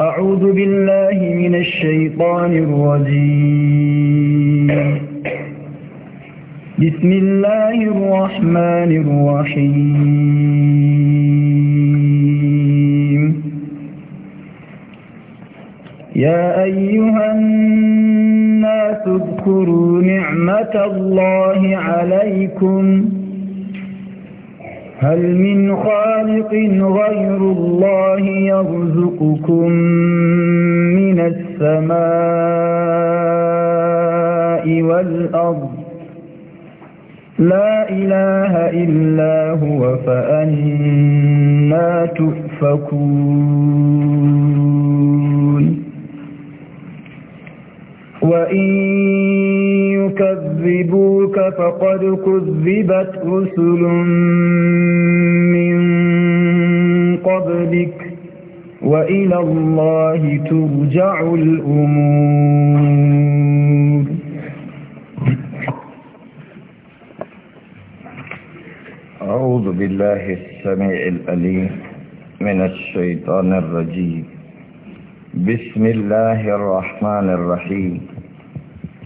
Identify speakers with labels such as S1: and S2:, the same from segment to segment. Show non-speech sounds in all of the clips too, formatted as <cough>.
S1: أعوذ بالله من الشيطان الرجيم بسم الله الرحمن الرحيم يا أيها الناس اذكروا نعمة الله عليكم هل من خالق غير الله يرزقكم من السماء والأرض لا إله إلا هو فأنا تؤفكون وإن يكذبوك فقد كذبت رسل من قبلك وإلى الله ترجع الأمور
S2: أعوذ بالله السميع الأليم من الشيطان الرجيم بسم الله الرحمن الرحيم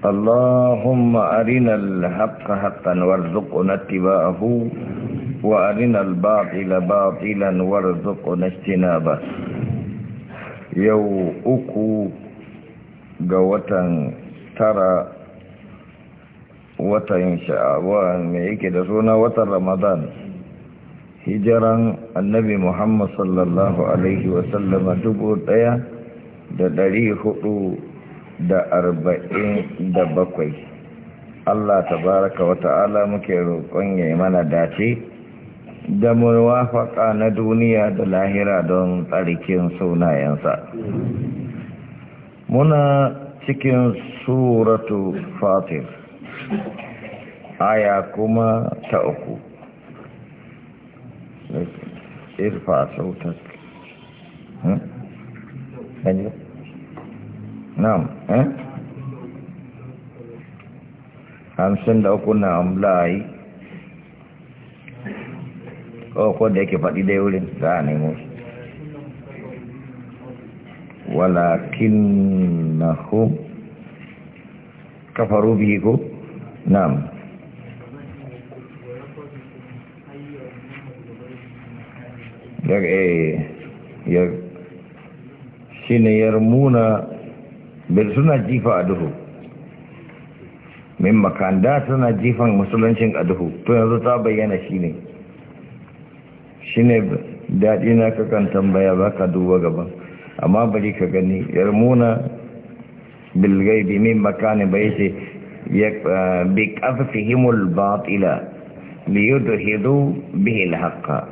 S2: اللهم أرنا الحق حقا وارزقنا اتباعه وأرنا الباطل باطلا وارزقنا اجتنابه يو أكو قوة ترى watan sha'awan mai yake da suna watan ramadan hijiran annabi muhammad sallallahu alaihi dubu daya da dari hudu da arba'in da bakwai Allah tabaraka wa ta'ala muke roƙon ya yi mana dace da murwafaka na duniya da lahira don tsarikin sunayensa muna cikin suratu fatir aya kuma ta uku irfa sautar hmm? na'am eh hamsin da uku na amlayi ko da yake faɗi dai wurin za a nemo shi walakinnahum kafaru bihi ko na'am daga eh ya yarmuna bil suna jifa a duhu min makanda suna jifan musuluncin a duhu to yanzu ta bayyana shi ne shi ne daɗi na kakan tambaya ba ka duba gaban amma bari ka gani yarmuna bilgaibi min makani bai ce bi ƙafafihimul batila da hidu al-haqqa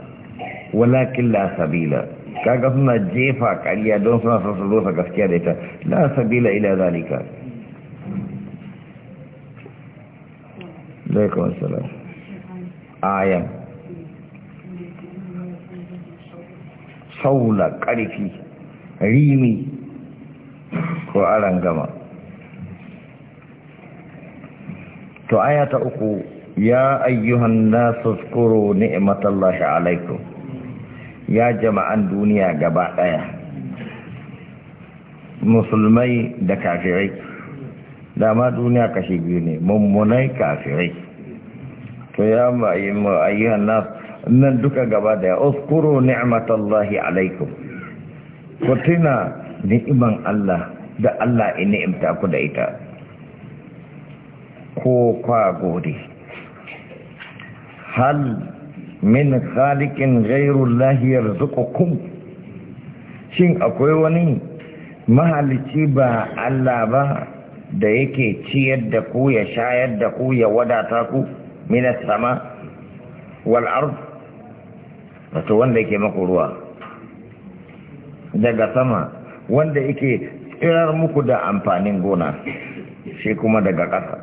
S2: walakin la sabila kaga suna jefa ƙarya don suna son su zo gaskiya da ita la sabila ila zalika alaikum assalam ayan saula ƙarfi rimi ko aran gama to aya ta uku ya ayyuhan nasu skuru ni'matallahi alaikum ya jama'an duniya gaba ɗaya musulmai da kafirai dama duniya kashi biyu ne mummunai kafirai to ya ayyuhan nas nan duka gaba daya uskuru ni'matallahi alaikum ku ni'iman Allah da Allah ya ni'imta ku da ita ko kwa gode hal min khaliqin lahiyar yarzuqukum shin akwai wani mahalici ba Allah ba da yake ciyar da ku ya shayar da ku ya wadata ku min sama wal ard wato wanda yake maku ruwa daga sama wanda yake tsirar muku da amfanin gona shi kuma daga ƙasa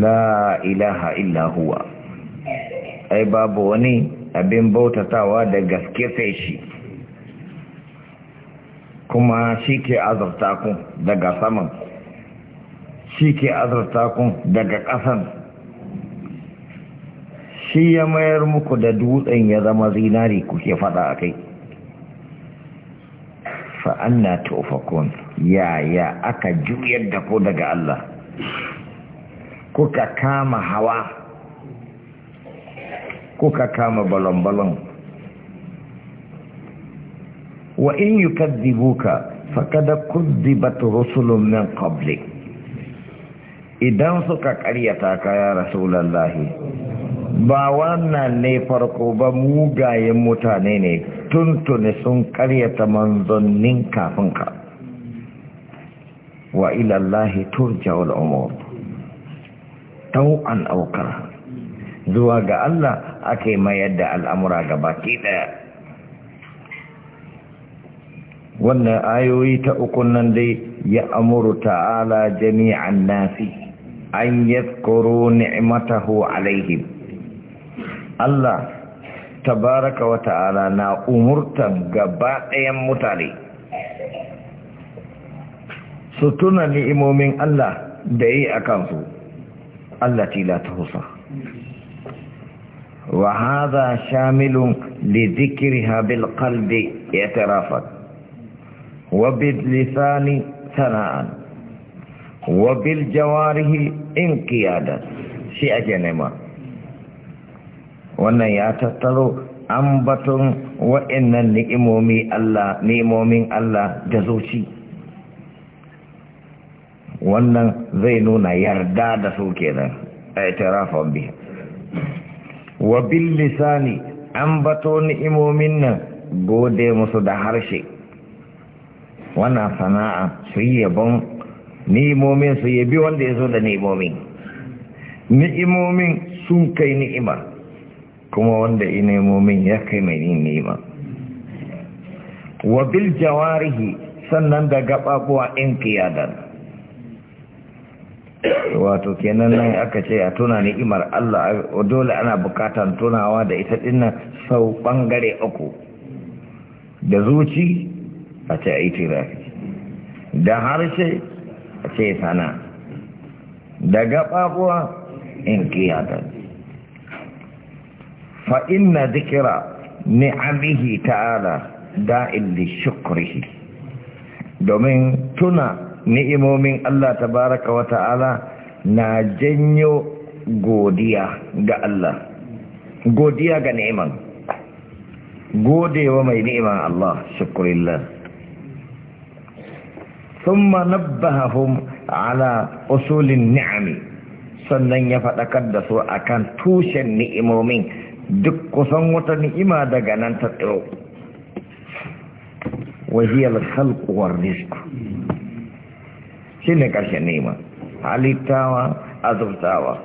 S2: la ilaha illa huwa ai babu wani abin bautatawa da gaske sai shi kuma shi ke azurta ku daga saman shi ke azurta ku daga ƙasan shi ya mayar muku da dutsen ya zama zinari kuke fada a kai fa'an na tofakon yaya aka juyar da ku daga Allah kuka kama hawa kuka kama balon-balon wa in yi kaddibuka fakada kuddibat rusulun min qablik idan suka karyata ka ya rasulallahi ba wannan ne farko ba mugayen mutane ne tuntuni sun karyata manzannin kafinka wailallahi wa ilallahi turja'ul umur Tau tau'an aukar zuwa ga Allah ake mayar da al'amura baki ɗaya. Wannan ayoyi ta ukun nan dai ya amuru ta'ala jami'an nasi an yi yadkuru ni'matahu alaihim. Allah tabaraka wa ta'ala na umurtan gaba ɗayan mutane. Su tuna ni'imomin Allah da yi a kansu. التي لا تحصى وهذا شامل لذكرها بالقلب اعترافا وباللسان ثناء وبالجوارح انقيادا شيء جنما wannan ya tattaro ambaton wa'annan ni'imomi Allah ni'imomin Allah da zuci wannan zai nuna yarda da su kenan aitirafan biha wa bil lisani an bato ni'imomin nan gode musu da harshe wannan sana'a su yi yabon ni'imomin su yabi wanda ya zo da ni'imomin ni'imomin sun kai ni'ima kuma wanda ina ni'imomin ya kai mai ni'ima wa bil jawarihi sannan da gaɓaɓuwa in kiyadar wato kenan nan aka ce a tuna ni'imar Allah dole ana bukatan tunawa da ita dinnan sau bangare uku da zuci a ce a yi tirafi, da harshe a ce sana da gaɓaɓuwa in kiyata fa'in na zikira ni'amihi ta'ala da'in da shukrihi domin tuna ni'imomin Allah tabaraka wa ta'ala na janyo godiya ga Allah godiya ga ni'iman godewa mai ni'iman Allah shukurillah thumma nabbahum ala usulin ni'ami sannan ya faɗakar da su akan tushen ni'imomin duk kusan wata ni'ima daga nan ta tsiro al khalq ar rizq shi ne ƙarshen nema halittawa azurtawa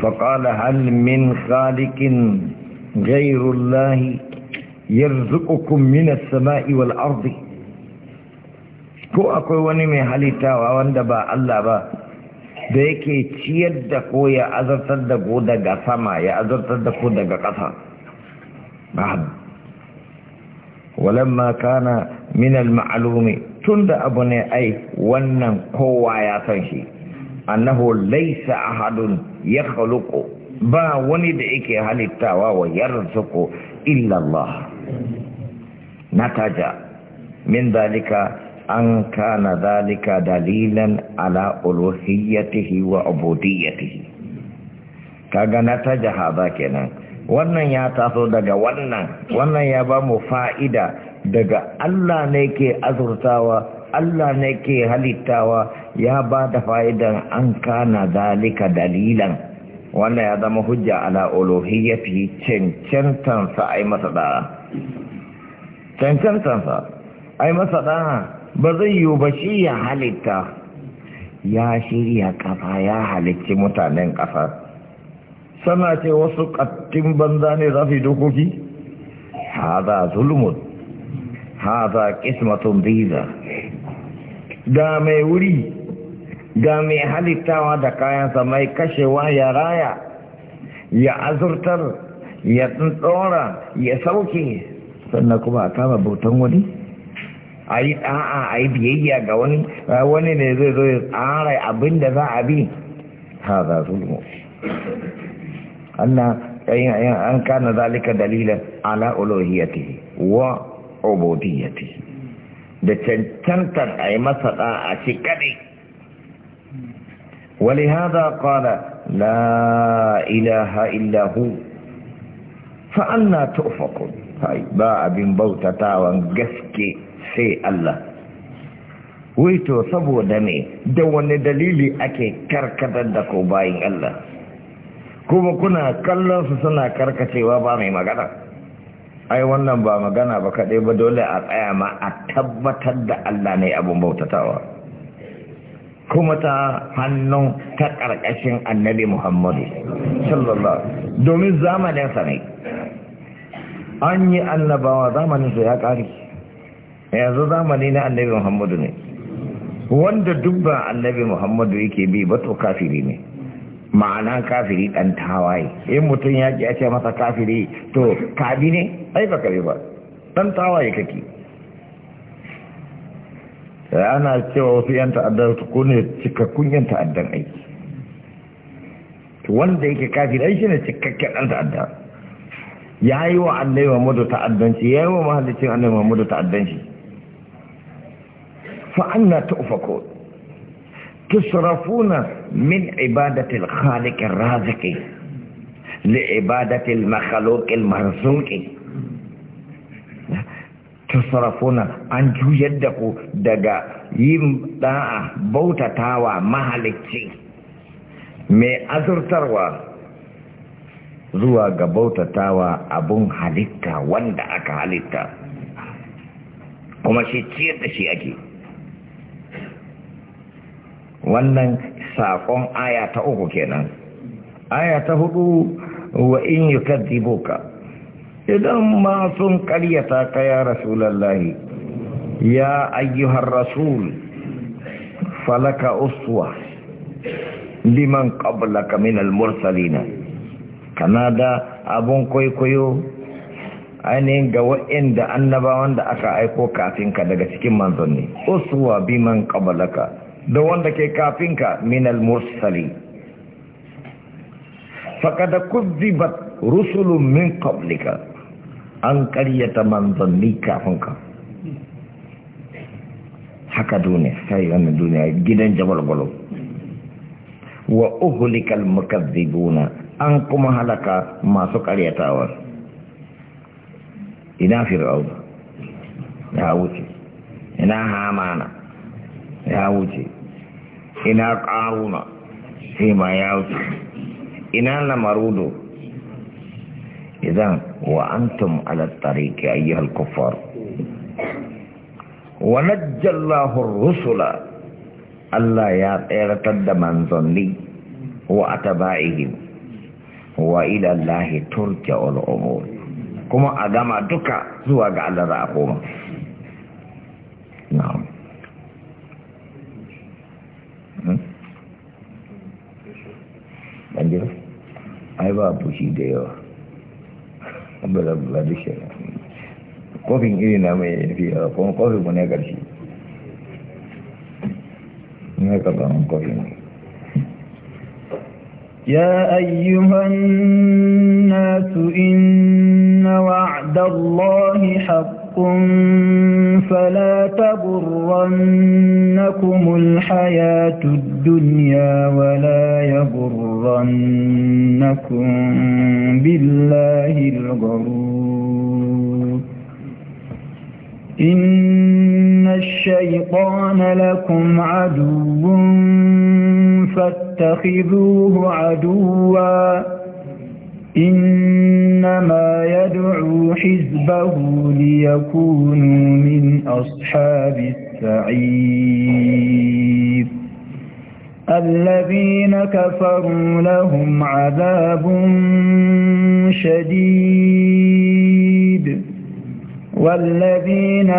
S2: faƙala halmin khalikin gairullahi yarzuqukum minas sama'i wal ardi ko akwai wani mai halittawa wanda ba Allah ba da yake ciyar da ko ya azartar da ko daga sama ya azartar da ko daga ƙasa babu walamma kana min al tunda da abu ne ai wannan kowa ya san shi annahu laisa ahadun ya khaluqu ba wani da yake halittawa wa yarzuqu illa Allah nataja min dalika an kana dalika dalilan ala uluhiyyatihi wa ubudiyyatihi kaga nataja hada kenan wannan ya taso daga wannan wannan ya ba mu fa'ida daga Allah ne ke azurtawa Allah ne ke halittawa ya ba da fa'idan an kana zalika dalilan wannan ya zama hujja ala olohiyyafi cancantansa a yi masa ɗara cancantansa a yi masa ɗara ba zai yiwu ba shi ya halitta ya shirya kafa ya halicci mutanen kafa sana ce wasu ƙattin banza ne za su yi dokoki haza zulmut haza kismatun biza. ga mai wuri ga mai halittawa da kayansa mai kashewa ya raya ya azurtar ya tsora ya sauke sannan kuma a kama bautan wani a yi ɗa'a a yi biyayya ga wani wani ne zai zo ya tsara abin da za a bi ha za su an kana zalika dalilan ala wa ubudiyyati da cancantar a yi masa ɗa'a shi kaɗai Wani hada kwana la ilaha illahu fa'anna tufakun ba abin bautatawan gaske sai Allah to saboda ne da wani dalili ake karkatar da ko bayin Allah kuma kuna kallon su suna karkacewa ba mai magana ai wannan ba magana ba kaɗai ba dole a tsaya ma a tabbatar da Allah ne abin bautatawa kuma ta hannun ta ƙarƙashin annabi Muhammadu sallallahu domin zamaninsa ne an yi annabawa zamaninsa ya ƙari yanzu zamani na annabi Muhammadu ne wanda dubban annabi Muhammadu yake bi ba to kafiri ne ma'ana kafiri dan tawaye in mutum ya ji ce masa kafiri to kabi ne ai ba kabi ba dan tawaye kake ana cewa wasu yan ta'addar kone ne cikakkun yan ta'addan aiki to wanda yake kafiri ai shine cikakken dan ta'adda yayi wa Allah wa mudu ta'addanci yayi wa mahallicin Allah wa ta'addanci. Fa'an fa anna tu'fakun tusrafuna min ibadatil khaliqir raziqi li ibadatil makhluqil marzuqi tusrafuna an juyar da ku daga yin da'a bautatawa mahalicci mai azurtarwa zuwa ga bautatawa abun halitta wanda aka halitta kuma shi ci da shi ake wannan saƙon aya ta uku kenan aya ta hudu wa in yukadzibuka idan ma sun ƙaryata ka ya rasulallahi ya ayyuhar rasul falaka uswa liman qablaka min al-mursalina kanada abun kwaikwayo ainihin ga wa'inda annabawan da aka aiko kafin daga cikin manzanni uswa biman qablaka da wanda ke kafinka minal mursali faƙada kuzibat rusulun min qablika an ƙaryata manzanni kafinka haka duniya sai wannan duniya gidan jabal gwalo wa uhulikal mukazzibuna an kuma halaka masu karyatawa ina fir'auna ya wuce ina hamana ya wuce ina ƙaruna sai ma ya wuce ina lamaru do idan wa antum ala tariki ayyuhal kuffar wa najjallahu rusula Allah ya tseratar da manzanni wa atabaihim wa ila Allah turja'ul umur kuma a gama duka zuwa ga Allah za a koma na'am kanjir ai ba fushi da yawa ba duk shi kofin iri na mai kuma kofin ne ƙarshe kofin
S1: لكم فلا تغرنكم الحياة الدنيا ولا يغرنكم بالله الغرور إن الشيطان لكم عدو فاتخذوه عدوا إن إنما يدعو حزبه ليكونوا من أصحاب السعير الذين كفروا لهم عذاب شديد والذين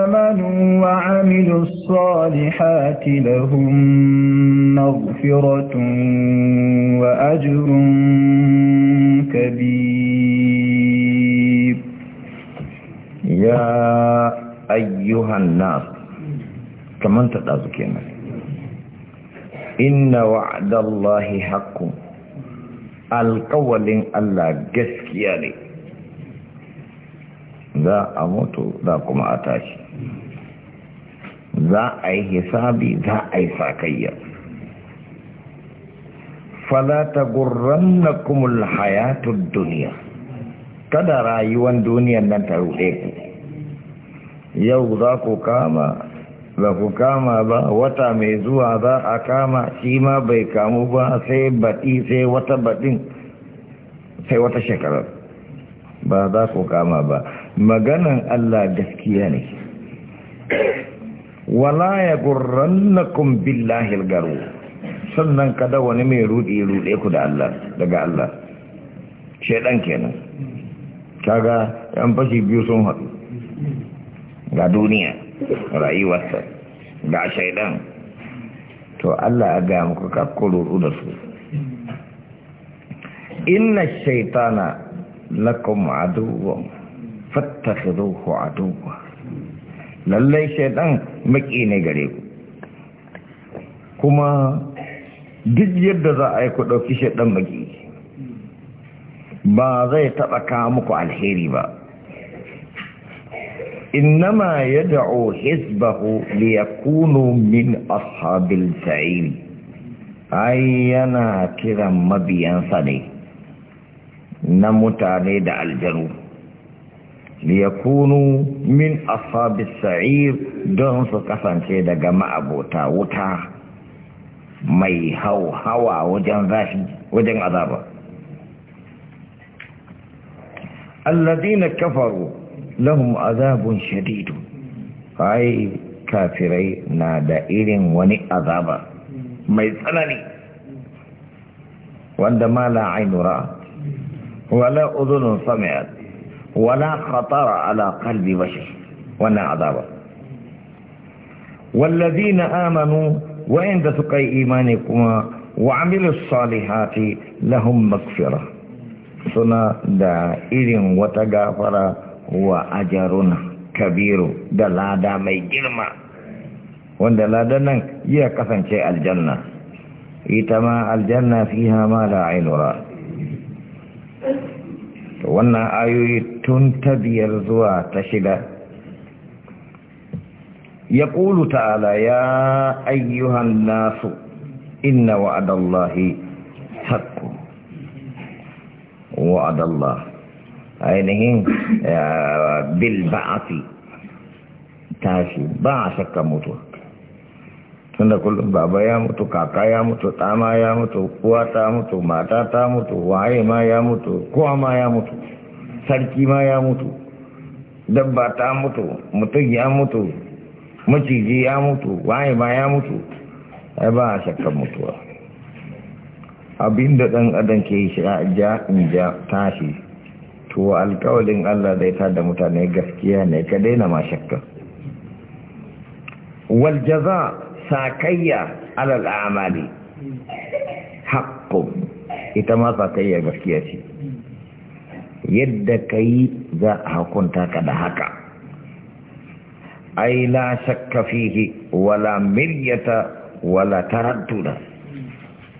S1: آمنوا وعملوا الصالحات لهم مغفرة وأجر كبير
S2: يا أيها الناس كمان تتذكرنا إن وعد الله حق القول الله جسكياني za a mutu za kuma a tashi za a yi hisabi za a yi sakayya falata gurran na kumul hayatun duniya kada rayuwan duniyan nan ta ruɗe ku yau za ku kama ba ku kama ba wata mai zuwa za a kama shi ma bai kamu ba sai baɗi sai wata baɗin sai wata shekarar ba za ku kama ba maganan Allah gaskiya ne wala ya gurrannakum billahi algaru sannan kada wani mai rudi rude ku da Allah daga Allah shedan kenan kaga yan fashi biyu sun haɗu ga duniya rayuwarsa ga shaidan to Allah ya gaya muku kakkuru da su inna shaitana lakum aduwwan فاتخذوه عدوا للي شيطان مكيني قريب كما جد جد ذائك وكي شيطان مكيني ما ذي تبكامك على الحريبة إنما يدعو حزبه ليكونوا من أصحاب السعير أينا كذا مبيان صدي نمتاني دع الجنوب liyakunu min ashabis sa'ir don su kasance daga ma'abota wuta mai hauhawa wajen zafi wajen azaba alladina kafaru lahum azabun shadidu ai kafirai na da irin wani azaba mai tsanani wanda ma la'ainura wala uzunun samiyat wala khatara ala qalbi bashar wannan azaba wallazina amanu wa'inda suka yi imani kuma wa amilu salihati lahum maghfirah suna da irin wata gafara wa ajaruna kabiru da lada mai girma wanda ladan nan ya kasance aljanna ita ma aljanna fiha ma la ainura wannan ayoyi tun ta biyar zuwa ta shida ya ƙulu ta'ala ya ayyuhan nasu inna wa'adallahi haƙƙo wa'adallah ainihin bil ba'afi tashi ba a shakka mutuwa tunda kullum baba ya mutu kaka ya mutu tsama ya mutu kuwa ta mutu mata ta mutu waye ma ya mutu kowa ma ya mutu sarki ma ya mutu dabba ta mutu mutum ya mutu maciji ya mutu waye ma ya mutu ai ba a shakkan mutuwa abinda dan adam ke shi ja in ja tashi to alkawalin allah zai da mutane gaskiya ne ka daina ma shakkan wal jaza ساكية على الأعمال حق إتما ساكية بسكياتي يدكي ذا حكونتا كده هكا أي لا شك فيه ولا مرية ولا تردد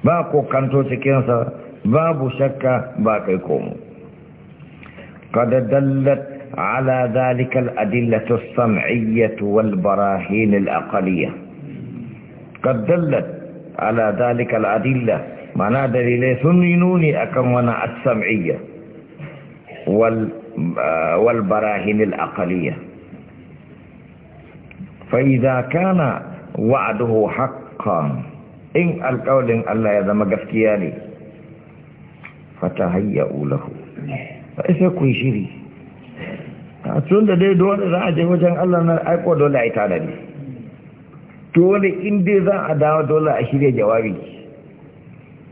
S2: باكو كانتو سكينسا باب شك باكيكم قد دلت على ذلك الأدلة الصمعية والبراهين الأقلية قد دلت على ذلك الأدلة معنى دليل سنينوني أكم وانا السمعية وال والبراهين الأقلية فإذا كان وعده حقا إن القول الله يذم قفتياني فتهيئوا له فإذا كوي شيري tun da dai dole za a je wajen Allah na aiko dole a yi tanadi dole in dai za a dawo dole a shirya jawabi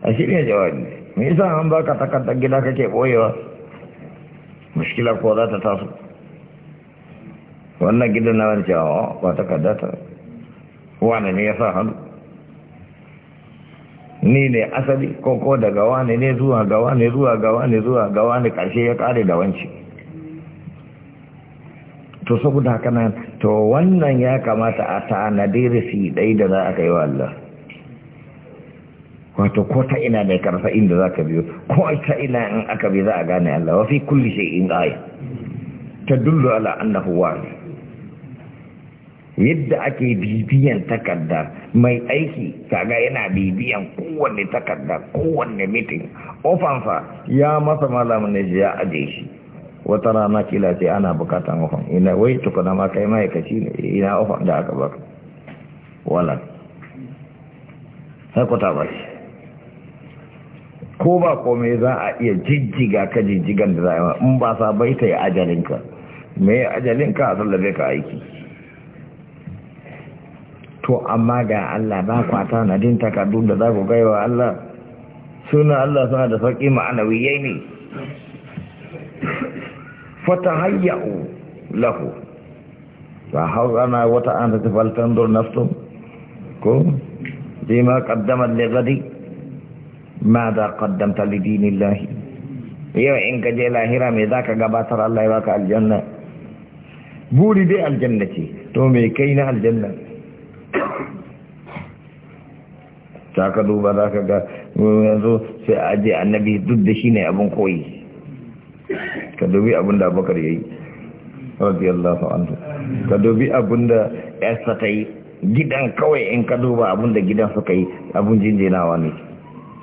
S2: a shirya jawabi me yasa an baka takardar gida kake boyewa mushkila ko za ta taso wannan gida na wani cewa ba takarda ta wane ne ya sa hannu ni ne asali koko daga wane ne zuwa ga wane zuwa ga wane zuwa ga wane karshe ya kare da wanci to saboda haka na to wannan ya kamata a tanadi risiɗai da za a kai wa Allah wato ko ta ina mai karfa inda za ka biyo ko ta ina in aka bi za a gane Allah wafi kulli shi in ayi ta dullu ala annahu wa yadda ake bibiyan takarda mai aiki kaga yana bibiyan kowanne takarda kowanne mitin ofanfa ya masa malamin ne ya aje shi wata rana kila ce ana bukatan ofan ina wai tukuna ma kai ma'aikaci ne ina ofan da aka baka Wala. sai kuta ba shi ko ba komai za a iya jijjiga ka jijjigan da za a in ba sa bai ta yi ajalinka mai ajalinka a tsallabe ka aiki to amma ga Allah ba kwata na din takardun da za ku gaiwa Allah suna Allah suna da sauƙi ma'anawiyai ne fatahayya'u lahu fa haurana wata an ta faltandur nafto ko kaddamar qaddamat li ghadi ماذا kaddamta لدين الله yau in ka je lahira mai za ka gabatar Allah ya baka aljanna buri dai aljanna ce to mai kai na aljanna ta ka duba za ka ga yanzu sai aje annabi duk da shi ne abin koyi ka dubi abin da abubakar ya yi radiyallahu anhu ka dubi abin da yarsa ta yi gidan kawai in ka duba abin da gidan suka yi abin jinjinawa ne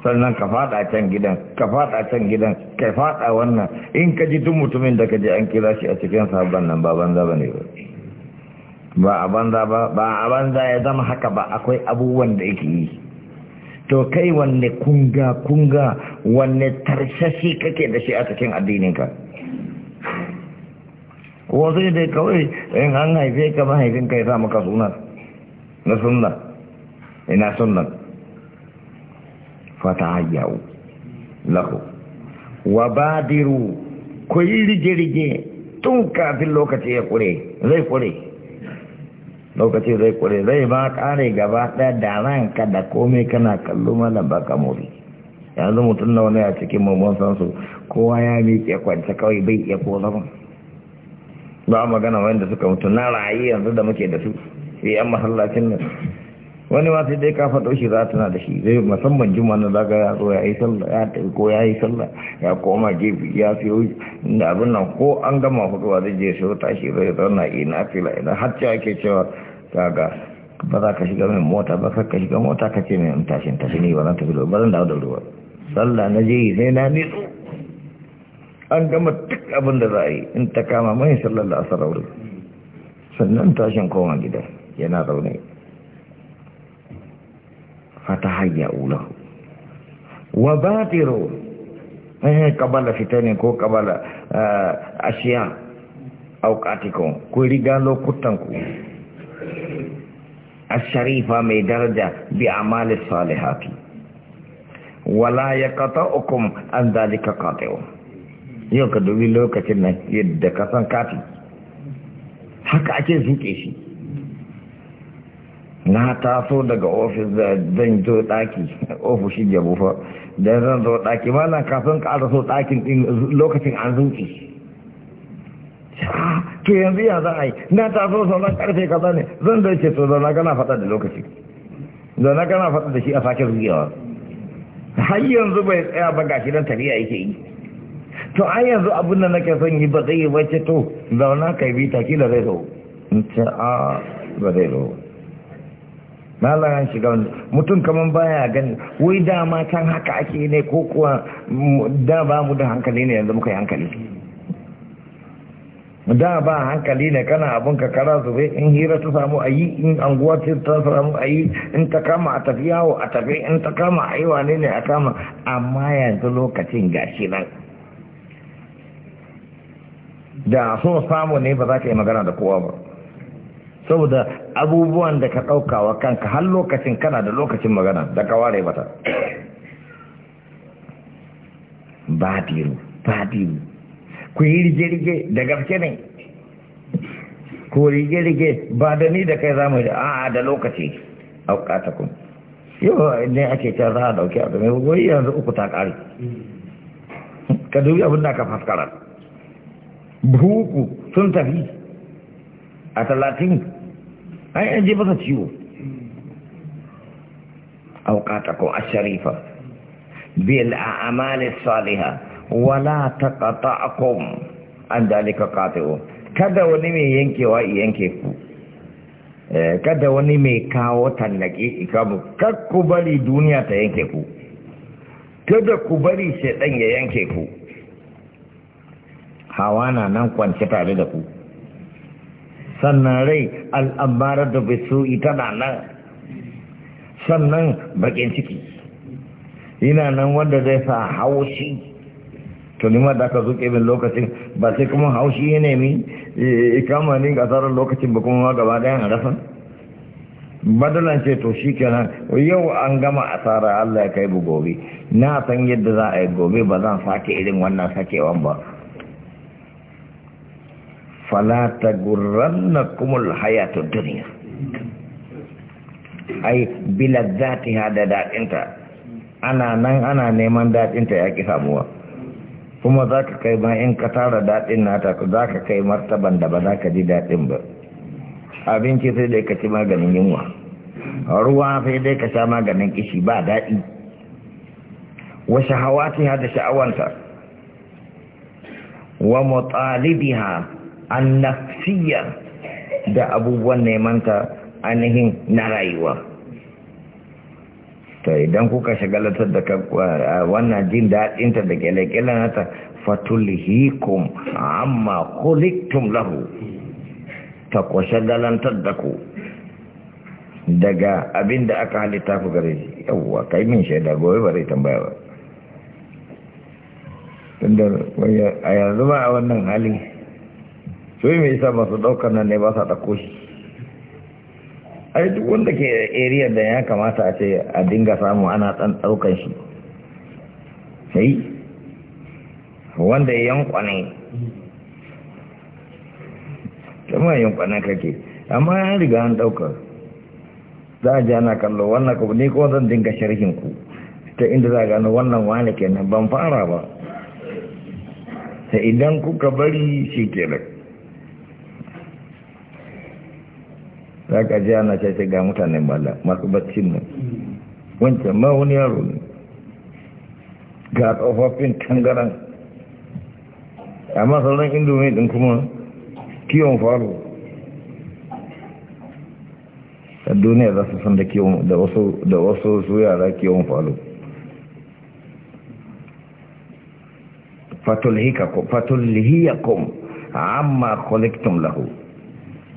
S2: sannan ka fada can gidan ka fada can gidan ka fada wannan in ka ji duk mutumin da ka ji an kira shi a cikin sabon nan ba banza ba ne ba ba a banza ba ba a banza ya zama haka ba akwai abubuwan da yake yi to kai wanne kunga kunga wanne tarsashi kake da shi a cikin addininka wasu dai kawai in an haife ka mahaifin kai za sa maka suna na sunan ina sunan fata hayyawo lahu wa badiru ku yi rige-rige tun kafin lokaci ya kure zai kure lokaci zai kure zai ba kare gaba ɗaya da ranka da komai kana kallo malam ba ka mori yanzu mutum na wani a cikin mummun sansu kowa ya miƙe kwanci kawai bai iya ko zama ba magana wanda suka mutu na rayu yanzu da muke da su sai yan masallacin nan wani ma sai dai ka faɗo shi za tana da shi zai musamman juma na zaga ya zo ya yi sallah ya tafi ko ya yi sallah ya koma gefe ya siyo da abin nan ko an gama hudu zai je shi shi zai zauna ina fila ina har ce ake cewa kaga ba za ka shiga mai mota ba ka shiga mota ka ce mai tashin tafi ne ba zan tafi ba zan dawo da ruwa sallah na je sai na nitsu an gama duk abin da za a yi in ta kama mai sallar da asar aure sannan tashin koma gida yana zaune fata hayya ula wa ba batiru kabala eh, ne ko kabala eh, ashiya aukatikon ku riga lokutanku الشريفة مي درجة بأعمال الصالحات ولا يقطعكم عن ذلك قاطع yau ka dubi lokacin nan yadda ka san kafi haka ake shi na taso daga ofis da zan zo daki ofishin da zan zo daki na kafin ka so dakin din lokacin an to yanzu ya za a yi na taso sauran karfe kaza ne zan da ce to zauna kana faɗa da lokaci zauna kana faɗa da shi a sake zugewa har yanzu bai tsaya ba gashi nan tafiya yake yi to an yanzu abin da nake son yi ba zai yi wace to zauna kai bi ta kila zai zo in ce a ba zai zo na lagan shiga wani mutum kaman baya gani wai dama can haka ake ne ko kuwa da ba mu da hankali ne yanzu muka yi hankali da ba hankali ne kana abun ka kara zube in hira ta samu a yi in anguwa ta samu a yi in ta kama a tafi yawo a tafi in ta kama a yi wane ne a kama amma yanzu lokacin gashi nan da so samu ne ba za ka yi magana da kowa ba saboda abubuwan da ka ɗaukawa kanka har lokacin kana da lokacin magana da ka ware mata ba diru ba diru ku yi rige-rige da gaske ne ku rige-rige ba da ni da kai za mu a da lokaci a bukatakun yau ne ake can za a dauke a domin wai yanzu uku ta ƙari ka dubi abin da ka faskara buku sun tafi a talatin an yi ji masa ciwo a bukatakun a sharifa bil a'amali saliha. wala taqata'kum an dalika qati'u kada wani mai yankewa yanke ku eh, kada wani mai kawo tallake ikamu kar ku bari duniya ta yanke ku kada ku bari shaidan ya yanke ku hawa na nan kwance tare da ku sannan rai al'abbara da ita na nan sannan bakin ciki yana nan wanda zai sa haushi to nima da ka zuke min lokacin ba sai kuma haushi ya nemi ikama eh, ni gasarar lokacin ba kuma gaba ɗayan a rasa badalan ce to shi kenan yau an gama asara Allah ya kai bu gobe na san yadda za a yi gobe ba zan sake irin wannan sakewan ba fala ta na kumul hayatu duniya ai bila zati da daɗinta ana nan ana neman daɗinta ya ki samuwa kuma za ka kai ma in ka tara daɗin nata za ka kai martaban da ba za ka ji daɗin ba abinci sai dai ka ci maganin yunwa ruwa sai dai ka sha maganin kishi ba daɗi wa shahawatiha da sha'awanta wa ha an nafsiyya da abubuwan nemanta ainihin na rayuwa to idan kuka shagalatar da wannan jin daɗinta da kyale-kyale nata fatulhikum amma kuliktum lahu ta ku shagalantar da ku daga abin da aka halitta ku gare shi yawwa kai min shaida gobe ba zai tambaya ba tunda a yanzu ba a wannan hali su yi mai isa masu ɗaukar nan ne ba sa shi ai duk wanda ke area da ya kamata a ce a dinga samu ana dan ɗaukan shi sai wanda ne, kuma yankwane kake amma ya riga an daukar za a ji ana kallo wannan ku ne kuma zan dinga sharhin ku ta inda za a gano wannan wani kenan ban fara ba sai idan kuka bari shi kenan ta ka ji ana ce ga mutanen bala masu baccin nan wancan ma wani yaro ne ga tsofaffin tangaran amma sauran indomi din kuma kiwon faru a duniya za su san da wasu su yara kiwon faro fatulhiyakum amma kwaliktum lahu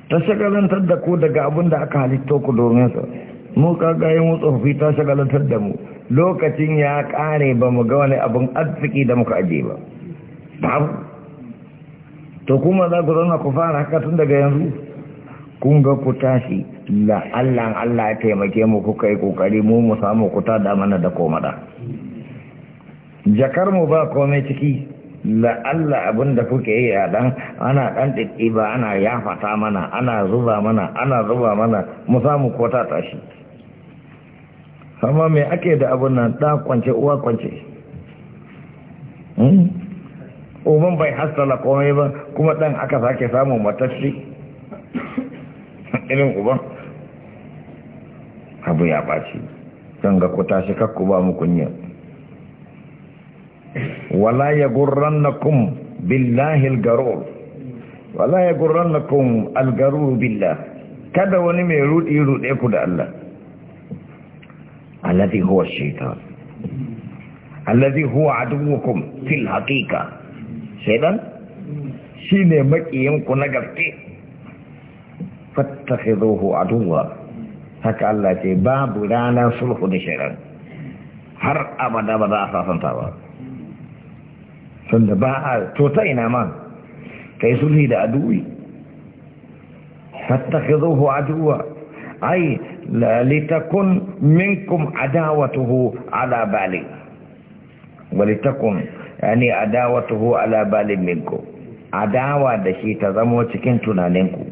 S2: ta shagalantar da ku daga abin da aka halitta ku domin sa mu kagayen mu tsofaffi ta shagalantar da mu lokacin ya kare ba mu ga wani abin arziki da muka aje ba babu to kuma za ku zauna ku fara haka tun daga yanzu kun ga ku tashi la Allah Allah ya taimake mu ku kai kokari mu mu samu ku ta da mana da komada jakar mu ba komai ciki da Allah abin da kuke yi a dan ana dan ba ana yafata mana ana zuba mana ana zuba mana mu samu kota tashi amma me ake da abin nan da kwance uwa kwance hmm? uban bai hassala komai ba kuma dan aka sake samu matashi irin uban abu ya ɓaci don ga ku tashi kakku ba mu kunya ولا يغرنكم بالله الغرور ولا يغرنكم الغرور بالله kada wani mai rudi rude ku da Allah alladhi huwa shaytan alladhi huwa aduwwukum fil haqiqa shaytan shine makiyin ku na gaske fattakhiduhu aduwwa haka Allah ce babu ranar sulhu da shaytan har abada ba za a sasanta ba tunda ba a to ta ina ma kai sulhi da aduwi fattakhizuhu aduwa ay la litakun minkum adawatuhu ala bali walitakun yani adawatuhu ala bali minkum adawa da shi ta zamo cikin tunaninku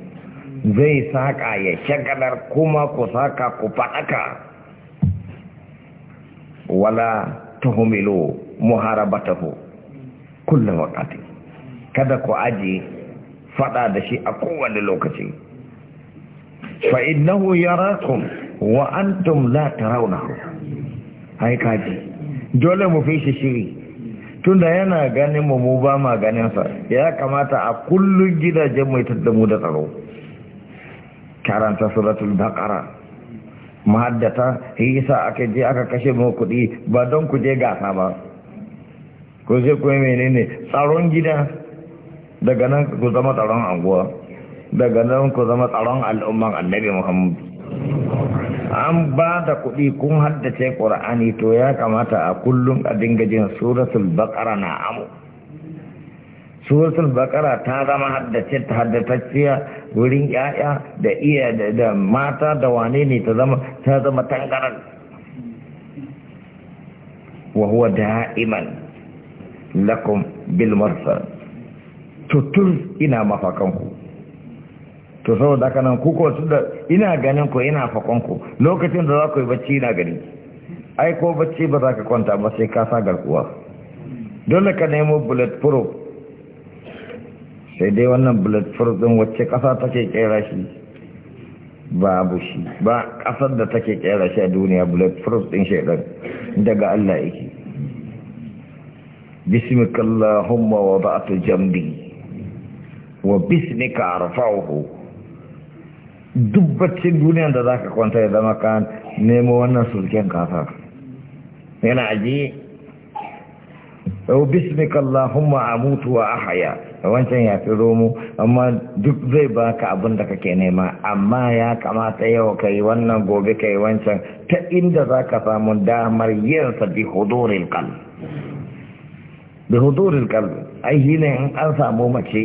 S2: zai saka ya shagalar kuma ku saka ku faɗaka wala tuhumilu muharabatahu kullum wakati kada ku aji fada da shi a kowane lokaci fa innahu yarakum wa antum la tarawnahu ai kaji dole mu fi shi shiri tunda yana ganin mu mu ba ma ganin sa ya kamata a kullun gidajen mai tadda da tsaro karanta suratul baqara yi sa aka je aka kashe mu kuɗi ba don ku je gasa ba ko sai kuma menene tsaron gida daga nan ku zama tsaron anguwa daga nan ku zama tsaron al'umman annabi muhammadu an ba da kuɗi kun haddace ƙura'ani to ya kamata a kullum a dinga jin suratul baƙara na amu suratul baƙara ta zama haddace ta haddatacciya wurin yaya da iya da mata da wane ne ta zama ta zama tangaran wa huwa da'iman lakum bil marsa tutur ina mafakanku to saboda haka nan ku ko da ina ganin ku ina fakonku lokacin da za ku yi bacci ina gani ai ko bacci ba za ka kwanta ba sai ka sa garkuwa dole ka nemo bullet proof sai dai wannan bullet proof din wacce kasa take kera shi babu shi ba kasar da take kera shi a duniya bullet proof din shaidan daga Allah yake باسمك اللهم وضعت جنبي وباسمك أرفعه dubbacin duniyan da zaka kwanta ya zama ka nemo wannan sulken kafa yana aji yau bismika Allahumma amutu wa ahaya wancan ya fi romo amma duk zai baka abin da kake nema amma ya kamata yau kai wannan gobe kai wancan ta inda zaka samu damar yin sa bi da hudurin kalbi ai shi ne in an samu mace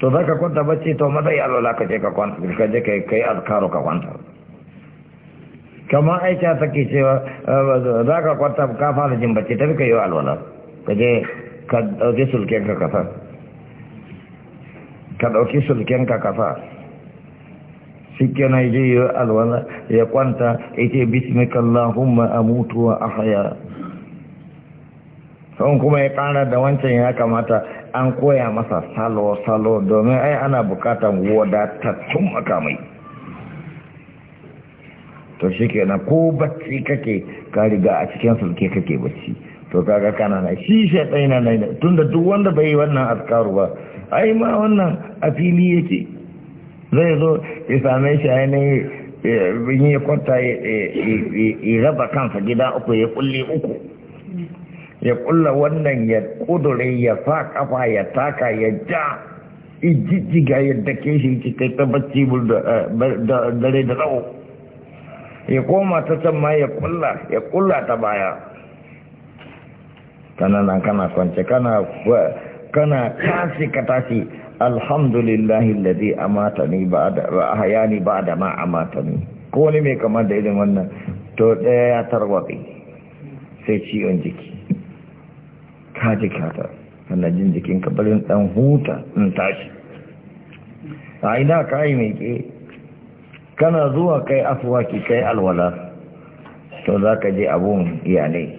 S2: to za ka kwanta bacci to maza yi alwala ka je ka kwanta ka je ka kai azkaru ka kwanta kamar aisha take cewa eh, za ka kwanta ka fara jin bacci tafi ka yi alwala ka je ka ɗauki sulken ka kasa ka ɗauki sulken ka kasa shi kenan je yi alwala ya kwanta ya ce bismikallahumma amutu wa ahaya sun kuma ya kara da wancan ya kamata an koya masa salo-salo domin ai ana bukatan wadatattun makamai to shi na ko bacci kake ka riga a cikin sulke kake bacci to kaga kana na shi shaɗai na na tun da duk wanda bai wannan askaru ba ai ma wannan a fili yake zai zo ya same shi ainihin yi kwanta ya raba kansa gida uku ya kulle uku ya kulla wannan ya kudure ya fa kafa ya taka ya ja ijijjiga yadda ke shi cikai ta bacci eh, dare da tsawo ya koma ta can ma ya kulla ya kulla ta baya kana nan kana kwance kana kana tashi ka tashi alhamdulillahi alladhi amatani ba'da wa ba ba'da ma amatani ko ne mai kamar da irin wannan to ɗaya ya tarwabe sai ciwon jiki ka ji kata ana jin jikin kabarin ɗan huta in tashi a ina ka yi mai ke kana zuwa kai afuwaki kai alwala to za ka je abun iyalai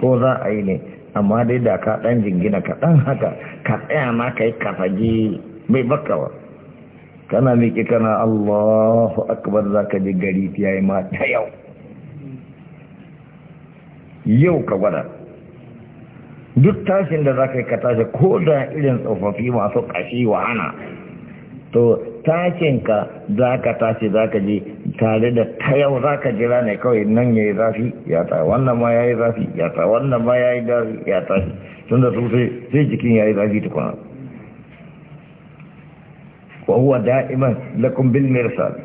S2: ko za a yi ne amma dai da ka ɗan jingina ka dan haka ka tsaya ma kai kafaji mai bakawa kana miki kana Allahu akbar ka ji gari ta yi ma ta yau yau ka gwada duk tashin da za ka yi ka tashi ko da irin tsofaffi masu ƙashi wahana to tashinka za ka tashi za ka ji tare da ta yau za ka jira ne kawai nan ya yi zafi ya ta wannan ma ya yi zafi ya ta wannan ma ya yi zafi ya ta tun da sosai sai jikin ya yi zafi tukuna wa huwa da'iman lakum bil mirsal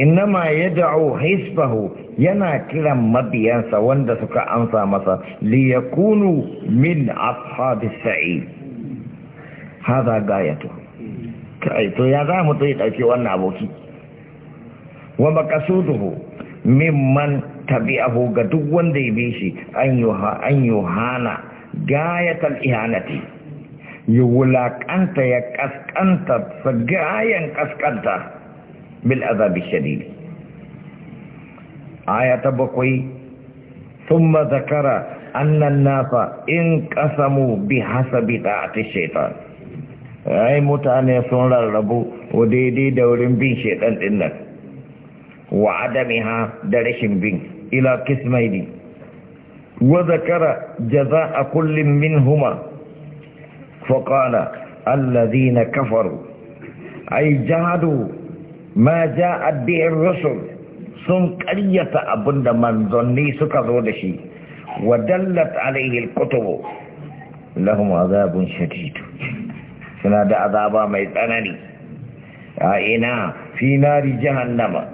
S2: innama ya da'o hisbahu yana kiran mabiyansa wanda suka amsa masa liyakunu min ashabis sa'i hada gayatu kai to ya za mu tsaye dauke wannan aboki wa maqasuduhu mimman tabi'ahu ga duk wanda ya bi shi an yuha an yuhana gayatal ihanati ya wulaƙanta ya ƙasƙanta sa ƙasƙanta بالعذاب الشديد آية بقوي ثم ذكر أن الناس انقسموا بحسب طاعة الشيطان ai mutane sun rarrabu daidai da wurin bin shaidan din nan wa adamiha da rashin bin ila kismaidi wa zakara jaza'a kullin minhuma fa qala alladhina kafaru ay jahadu ma ja'at bihi sun ƙaryata abinda manzanni suka zo da shi wa dallat alaihi al lahum azabun Shadidu suna da azaba mai tsanani a ina fi nari jahannama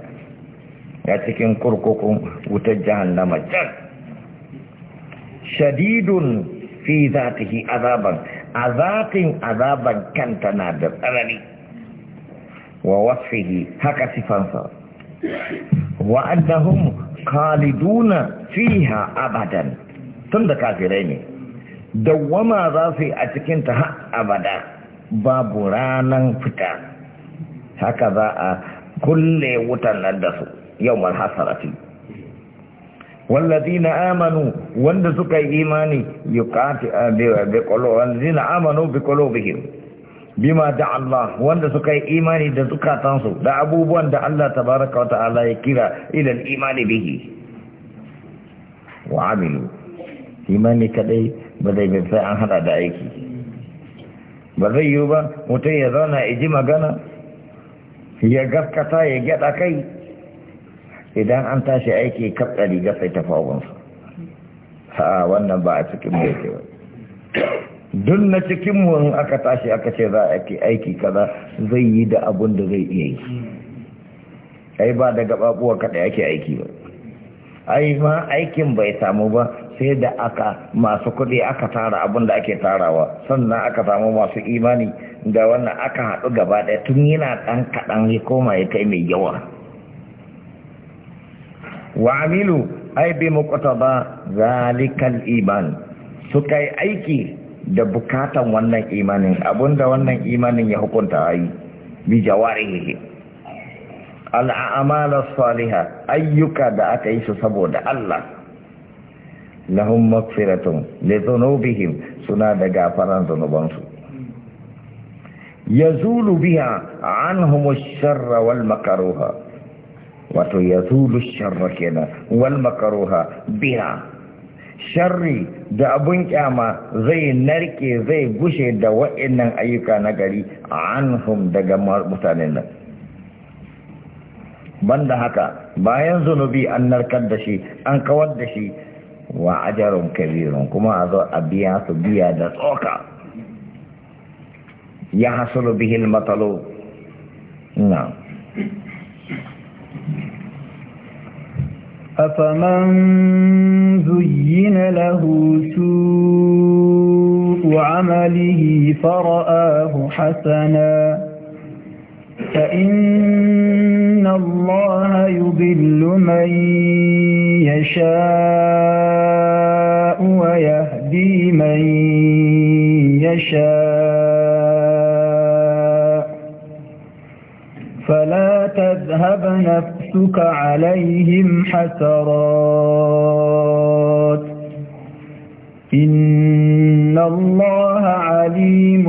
S2: ya cikin kurkukun wutar jahannama can shadidun fi zatihi azaban azatin azaban kanta na da tsanani Wa wasu haka sifan sa, wa'adda mu fiha abadan fiye a abada tun da ka fi raini, za su yi a cikin ta haɗa abada, babu rana fita. Haka za a kulle wutan nan da su yau mana haɗa sarari. amanu wanda suka yi imani ya kafa biƙala, amanu biƙala bima da Allah wanda suka yi imani da zukatansu da abubuwan da Allah tabaraka wata'ala ya kira idan imani bihi wa aminu imani kadai ba zai bin sai an hada da aiki ba zai yiwu ba mutum ya zauna ya ji magana ya gaskata ya gyada kai idan an tashi aiki kafta riga sai ta ha wannan ba a cikin mai ke ba duk na cikinmu in aka tashi aka ce za a aiki kaza zai yi da abun da zai iya yi ai ba da gababuwa kaɗai ake aiki ba ai ma aikin bai samu ba sai da aka masu kuɗi aka tara abun da ake tarawa sannan aka samu masu imani da wannan aka haɗu gaba ɗaya tun yana ɗan kaɗan ya koma ya kai mai yawa wa amilu ai bi muqtada zalikal iman suka yi aiki da bukatan wannan imanin abinda wannan imanin ya hukunta yi bi jawari al'amal al’amalar saliha ayyuka da aka yi su saboda Allah lahum maghfiratun li zunubihim suna da gafaran zunubansu Ya zulu biya an sharra wal makaroha wato yazulu zulu sharra kenan wal makaroha biya. sharri da abun kyama zai narke zai gushe da wa'annan ayyuka na gari anhum daga mutanen nan banda haka bayan zunubi an narkar da shi an kawar da shi wa ajarun kabirun kuma a zo a biya su biya da tsoka ya hasulu bihin matalo na
S1: أفمن زين له سوء عمله فرآه حسنا فإن الله يضل من يشاء ويهدي من يشاء فلا تذهب نفسك عليهم حسرات إن الله عليم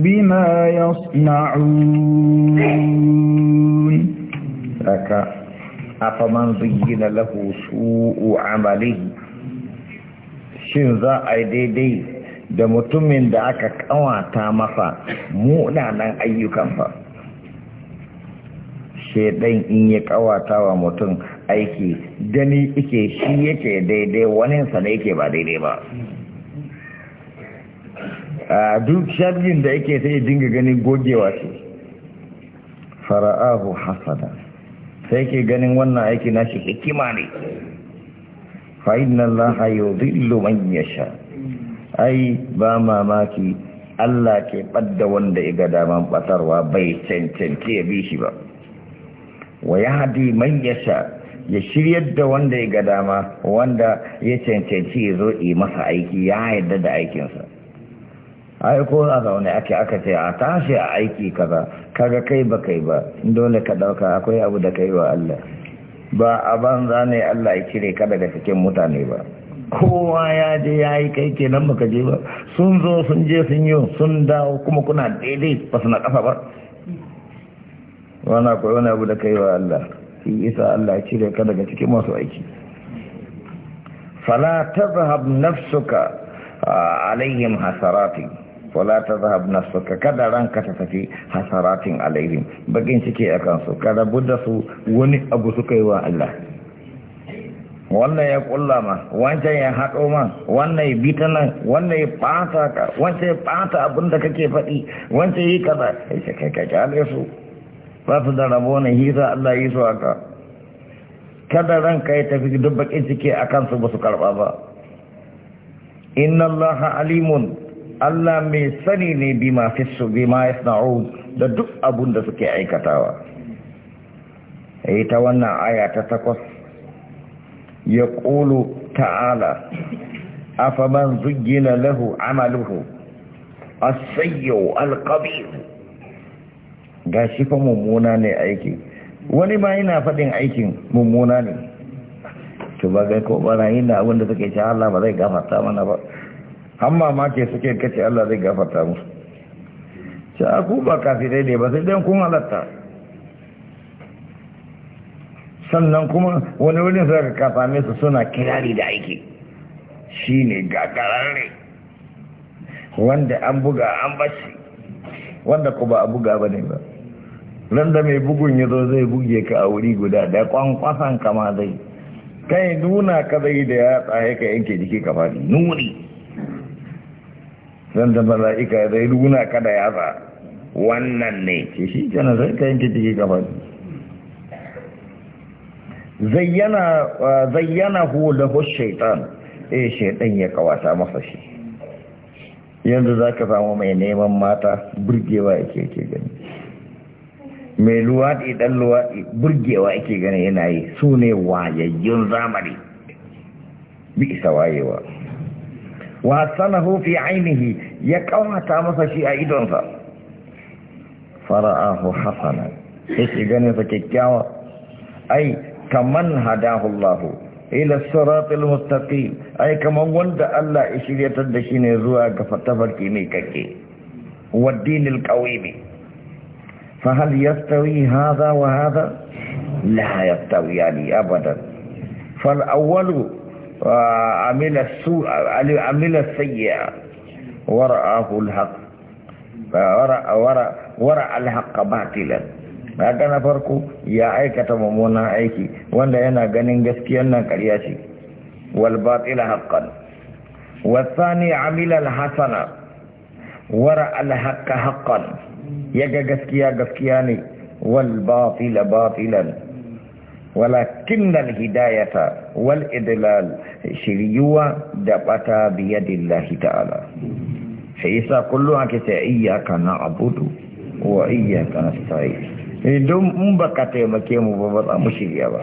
S1: بما يصنعون
S2: لك أفمن زين له سوء عمله shin za a yi daidai da mutumin da aka kawata masa munanan ayyukansa ɗan in ya kawata wa mutum aiki gani ike shi yake daidai wani sana yake ba daidai ba a duk sharrin da yake sai dinga gani gogewa ce fara'ahu hasada sai ke ganin wannan aiki nashi hikima ne fa'in Allah yudhillu man yasha ai ba mamaki Allah ke ɓadda wanda iga daman ɓatarwa bai cancanci ya bi shi ba. wa ya haɗi man yasha ya shiryar da wanda ya ga dama wanda ya cancanci ya zo yi masa aiki ya yadda da aikinsa ai ko a zaune ake aka ce a tashi a aiki kaza kaga kai ba kai ba dole ka dauka akwai abu da kai wa Allah ba a banza ne Allah ya cire ka daga cikin mutane ba kowa ya je ya yi kai kenan baka je ba sun zo sun je sun yi sun dawo kuma kuna daidai ba su na kafa ba wana akwai wani abu da kai wa Allah shi isa Allah ya cire ka daga cikin masu aiki fala tazhab nafsuka alaihim hasarati wala ta zahab nafsuka kada ranka ta tafi hasaratin alaihim bakin ciki akan su, kada budda su wani abu suka yi wa Allah wannan ya kulla ma wancan ya haɗo ma wannan ya bi ta nan wannan ya ɓata ka wancan ya ɓata abin da kake faɗi wancan yi kaza ya ce kai ka kyale su ba su da rabo na hira Allah yi su haka kada ka yi tafi duk bakin ciki a kansu ba su karɓa ba inna Allah alimun Allah mai sani ne bi ma fi su bi ma da duk abun da suke aikatawa eh, ta wannan aya ta takwas ya ƙulu ta'ala afaman zugina lahu amaluhu السيء القبيح ga shi fa mummuna ne aiki wani ma yana faɗin aikin mummuna ne to ba gai ko bana yin da abinda suke ce Allah ba zai gafarta mana ba amma ma ke suke kace Allah zai gafarta musu ce aku ba kafirai ne ba sai dan kun halatta sannan kuma wani wurin sai ka same su suna kirari da aiki shine gagararre wanda an buga an bashi wanda ko ba a buga ba ne ba nan da mai bugun ya zo zai buge ka a wuri guda da kwankwasan kama zai kai nuna ka zai da ya tsaye ka yanke jiki ka faɗi nuni nan da mala'ika zai nuna ka da yatsa wannan ne ke shi kenan zai ka yanke jiki ka faɗi zayyana hu lahu shaitan eh shaitan ya kawata masa shi yanzu za ka samu mai neman mata burgewa yake ke gani mai luwaɗi ɗan luwaɗi burgewa ake gani yana yi su ne wayayyun zamani bi isa wayewa wasanahu hufi ainihi ya kawata masa shi a idonsa fara'ahu hasana yake ganin sa kyakkyawa ai kaman hadahu Allah ila siratil mustaqim ai kaman wanda Allah ya shiryatar da shi ne zuwa ga fatafarki mai kake waddinil qawimi فهل يستوي هذا وهذا لا يستوي يعني أبدا فالأول آه، عمل السوء عمل السيئة ورآه الحق ورأ, الحق باطلا هذا نفرك يا عيكة ممونا عيكي وانا ينا غنين جسكينا كرياشي والباطل حقا والثاني عمل الحسنة ورأ الحق حقا yaga gaskiya gaskiya ne wal batila batilan walakin dal hidayata wal idlal shiriyuwa da bata biyadillahi ta'ala sai yasa kullum ake ce iyyaka na'budu wa iyyaka nasta'in eh, idan mun baka taimake mu ba ba za mu shirya ba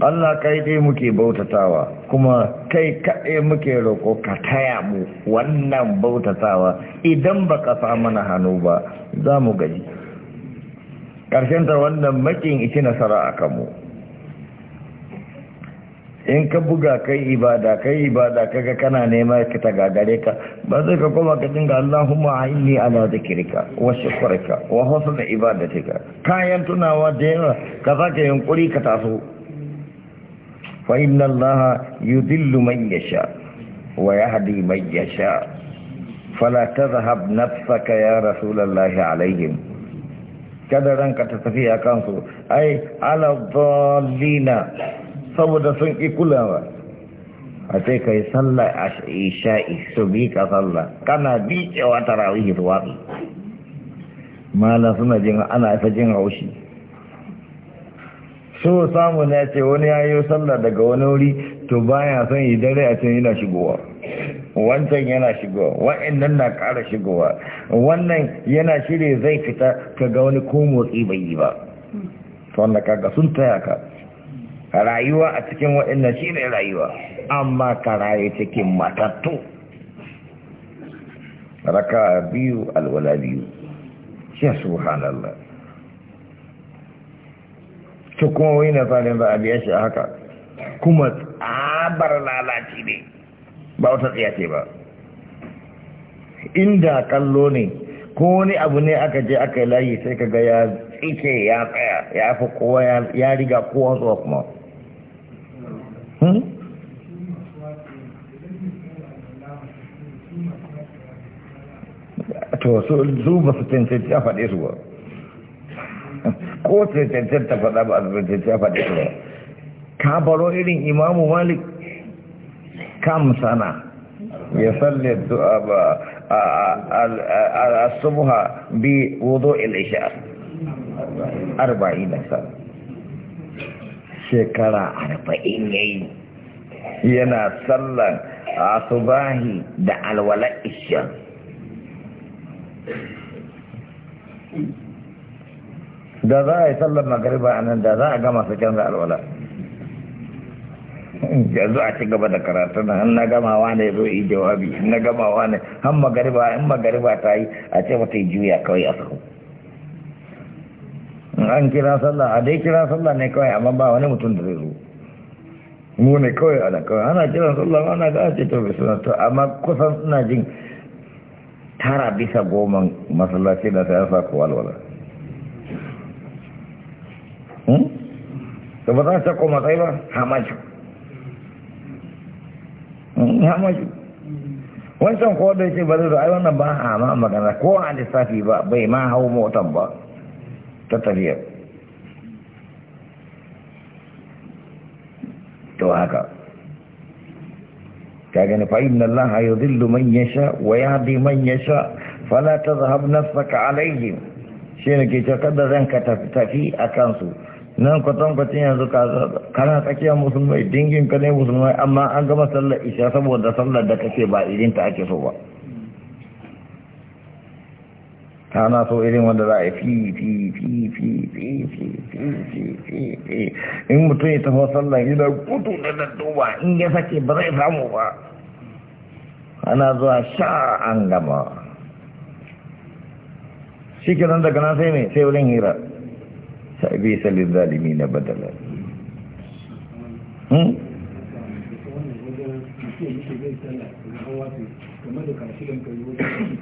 S2: Allah kai dai muke bautatawa kuma kai kaɗai muke roƙo ka taya mu wannan bautatawa idan ba ka mana hannu ba za mu gaji ta wannan makin iki nasara a kanmu in ka buga kai ibada kai ibada kaga kana nema ka ta gagare ka ba zai ka koma ka dinga Allahumma inni ala zikrika wa shukrika wa husni ibadatika kayan tunawa da yawa ka sake yunkuri ka taso فإن الله يدل من يشاء ويهدي من يشاء فلا تذهب نفسك يا رسول الله عليهم kada ranka ta tafi a kansu ai alabbalina saboda sun ƙi a sai ka yi sallah a isha'i su bi ka sallah kana bi cewa tarawihi ruwa. mala suna jin ana isa jin haushi so samu ne ce wani ya yi sallah daga wani wuri to baya son yi dare a can yana shigowa wancan yana shigowa wa'annan na ƙara shigowa wannan yana shirya zai fita ka ga wani ko motsi bai yi ba to wanda kaga sun taya ka rayuwa a cikin wa'annan shi ne rayuwa amma ka raye cikin matattu raka biyu alwala biyu shi subhanallah su kuma wai na tsarin za a biya shi haka kuma tsabar lalaci ne ba wata tsaya ce ba inda kallo ne ko wani abu ne aka je aka yi layi sai ka ga ya tsike ya tsaya ya fi kowa ya riga kowa zuwa kuma hmm? to su ba su cancanci a faɗe su ba ko cancantar ta faɗa ba a ta faɗi ba ka baro irin imamu malik kam sana ya salli du'a ba a asubuha bi wudu ilisha arba'in arba'ina sana shekara arba'in ya yi yana sallar asubahi da alwala ishiyar da za a yi sallar magariba a nan da za a gama masu canza alwala yanzu a ci gaba da karatu na na gamawa ne zo yi jawabi na gamawa ne han magariba in magariba ta yi a ce mata yi juya kawai a sahu an kira sallah a dai kira sallah ne kawai amma ba wani mutum da zai zo mu ne kawai a ana kawai ana kira sallah ana ga ce to sunan to amma kusan suna jin tara bisa goma masallaci da ta yasa ko alwala. to ba za ta koma tsaye ba hamaju hamaju wancan ko da yake ba zai ai wannan ba a ma magana ko a lissafi ba bai ma hau motan ba ta tafiyar to haka كاغن فإن الله يذل من يشاء ويهدي من يشاء فلا تذهب نفسك عليهم شينك تقدر أنك تفي أكانسو nan kwatankwacin yanzu kana tsakiyar musulmai dingin ka ne musulmai amma an gama sallar isha saboda sallar da kake ba irin ta ake so ba kana so irin wanda za a yi fi fi fi fi fi fi fi fi in mutum ya taho sallar gida gudu da daddowa in ya sake ba zai samu ba ana zuwa sha an gama shi nan daga nan sai mai sai wurin hira سأبيس للظالمين بدلا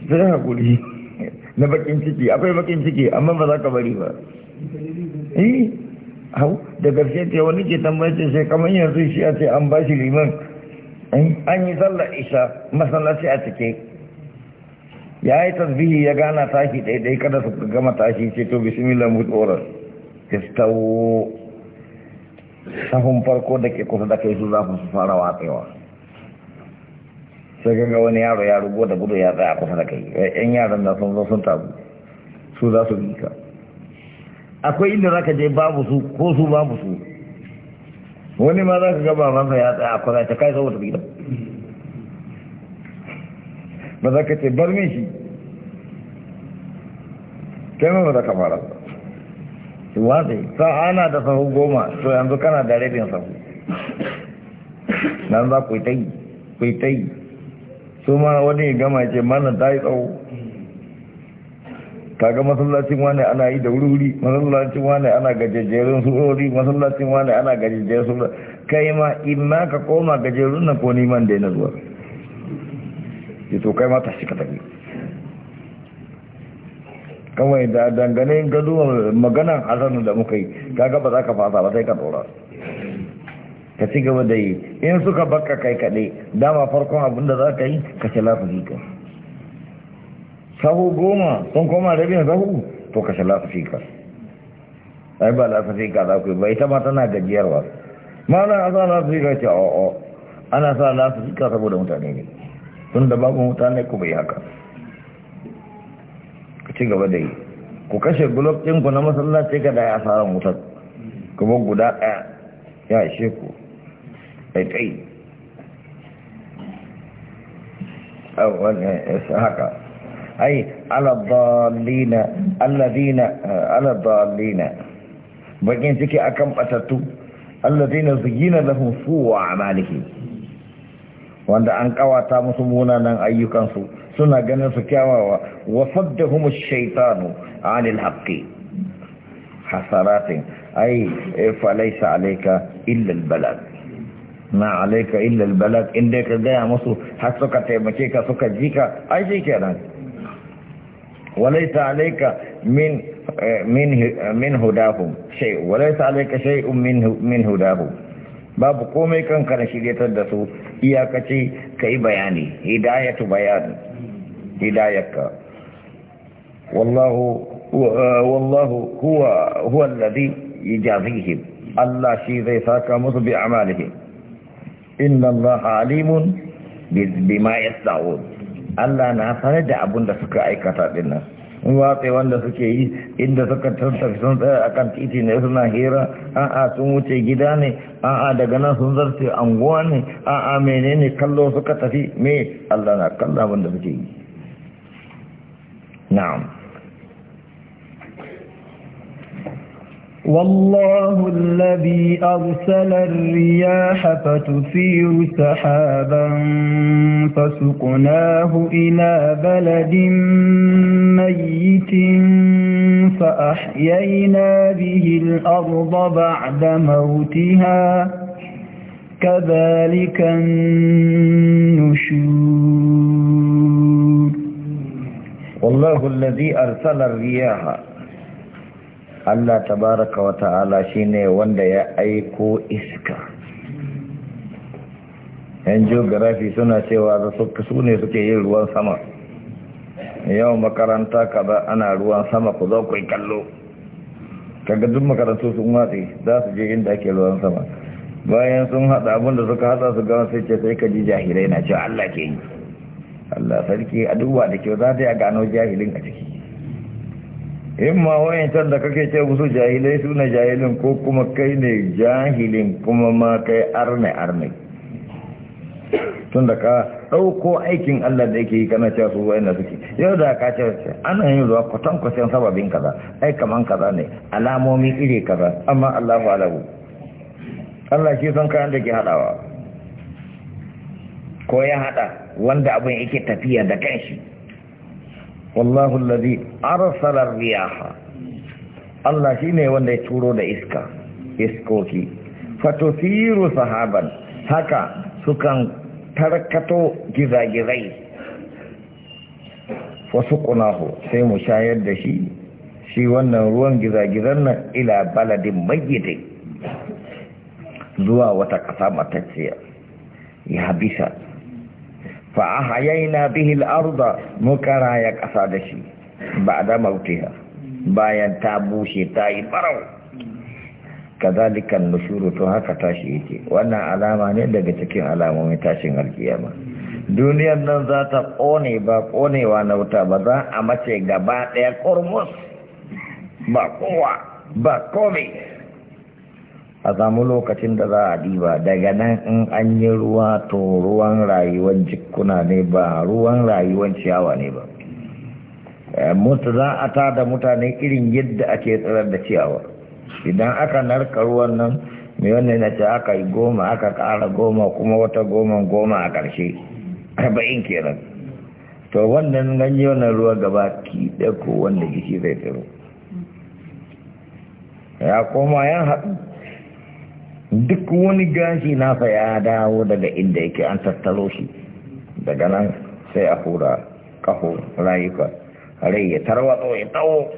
S2: sai hakuri na bakin ciki akwai bakin ciki amma ba za ka bari ba eh hau da gaske ce wani ke ce sai kamar yanzu shi a ce an ba shi liman an yi sallar isha masallaci a cike ya yi tasbihi ya gana tashi daidai kada su gama tashi ce to bismillah mutu istawu sahun farko da ke kusa da kai su za su fara watsewa sai ganga wani yaro ya rugo da gudu ya tsaya kusa da kai eh, yan yaran da sun zo sun tabu su za su bi ka akwai inda za ka je babu su ko su babu su wani ma za ka ga babansa ya tsaya ko kusa ta kai saboda gidan ba za ka ce bar min shi kai ma ba za ka fara ba sa'a ana da sahu goma to yanzu kana da rabin sahu nan za ku yi ta yi ku yi ta yi su ma wani ya gama ce mana ta yi tsawo kaga masallacin wani ana yi da wuri wuri masallacin wani ana gajejerun surori masallacin wani ana gajejerun surori kai ma in ka koma gajerun na ko neman da yana zuwa ya to kai ma ta shi ka tafi kawai da dangane gado magana hasanu da muka yi kaga ba za ka fasa ba sai ka tsora ka ci gaba da yi in suka baka kai kaɗai dama farkon abin da za ka yi ka shi lafafi ka sahu goma sun koma rabin sahu to ka shi lafafi ka ai ba lafafi ka za ku yi ba ita ma tana gajiyarwa ma a sa lafafi ka ce o'o ana sa lafafi ka saboda mutane ne tun da babu mutane ku bai haka ci gaba da yi ku kashe gulob ɗin ku na masallaci da ya fara wutar kuma guda ɗaya ya ishe ku ɗaiɗai haka ai aladdallina alladina aladdallina bakin ciki akan batattu alladina zuyina lahum a amalihim wanda an kawata musu munanan ayyukansu suna ganin su kyawawa wa da kuma shaitanu 'anil haqqi hasaratin ai e, fa laysa alaika illal balad Na alaika illal balad inda ka gaya musu har suka taimake ka suka ka ai shi kenan وليس عليك من من من هداهم شيء وليس عليك شيء من من babu komai kanka na shiryatar da su iyakaci ka yi bayani hidayatu bayani هدايتك والله والله هو هو الذي يجازيهم الله شي زي ساكا مصر بأعمالهم إن الله عليم بما يصنعون الله نافر da abun da suka aikata dinnan in watsa wanda suke yi inda suka tattafi sun tsaya a kan titi ne suna hira a'a sun wuce gida ne a'a daga nan sun zarce anguwa ne a'a menene kallo suka tafi me Allah na kalla abin da suke yi نعم
S1: والله الذي أرسل الرياح فتثير سحابا فسقناه إلى بلد ميت فأحيينا به الأرض بعد موتها كذلك النشور
S2: والله الذي أرسل الرياح Allah tabaraka wa ta'ala shine wanda ya aiko iska yan geography suna cewa su ne suke yin ruwan sama yau makaranta kaza ana ruwan sama ku zo ku yi duk makarantu sun watsi za su je inda ake ruwan sama bayan sun hada abinda suka hada su gawa sai ce sai ka ji jahilai na cewa Allah ke yi Allah sarki a duba da kyau za ta yi a gano jahilin a ciki in ma can da kake ce musu jahilai su jahilin ko kuma kai ne jahilin kuma ma kai arne arne tun da ka ɗauko aikin Allah da yake yi kana cewa su wayanda suke yau da ka ce wace an yin zuwa kwatan kwatan sababin kaza ai kaman kaza ne alamomi iri kaza amma Allah ba alabu Allah shi san kayan da ke haɗawa ko ya haɗa wanda abin yake tafiya da kanshi wallahu allazi arsala ar-riyaha Allah shine wanda ya turo da iska iskoki fatusiru sahaban haka sukan tarkato gizagizai wasu kunahu sai mu shayar da shi shi wannan ruwan gizagizan nan ila baladin mayyite zuwa wata ƙasa matacciya ya bisa fa ahayaina bihi al ardha mukara ya kasa da shi ba'da mautiha bayan ta bushe ta yi barau kadalikan nushuru to haka tashi yake wannan alama ne daga cikin alamomin tashin alkiyama duniyar nan za ta kone ba konewa na wuta ba za a mace gaba daya kurmus ba kowa ba komai a samu lokacin da za a diba daga nan in an yi ruwa to ruwan rayuwar jikuna ne ba ruwan rayuwar ciyawa ne ba eh, musu za a ta da mutane irin yadda ake tsirar da ciyawa idan aka narka ruwan nan mai wannan na ce aka yi goma aka kara goma kuma wata goma goma a ƙarshe arba'in kenan to wannan ganye wannan ruwa gaba ki ɗauko wanda jiki zai tsiro ya koma ya haɗu duk wani gashi na fa ya dawo daga inda yake an tattalo shi daga nan sai a hura kaho rayuka rai ya tarwato ya tsawo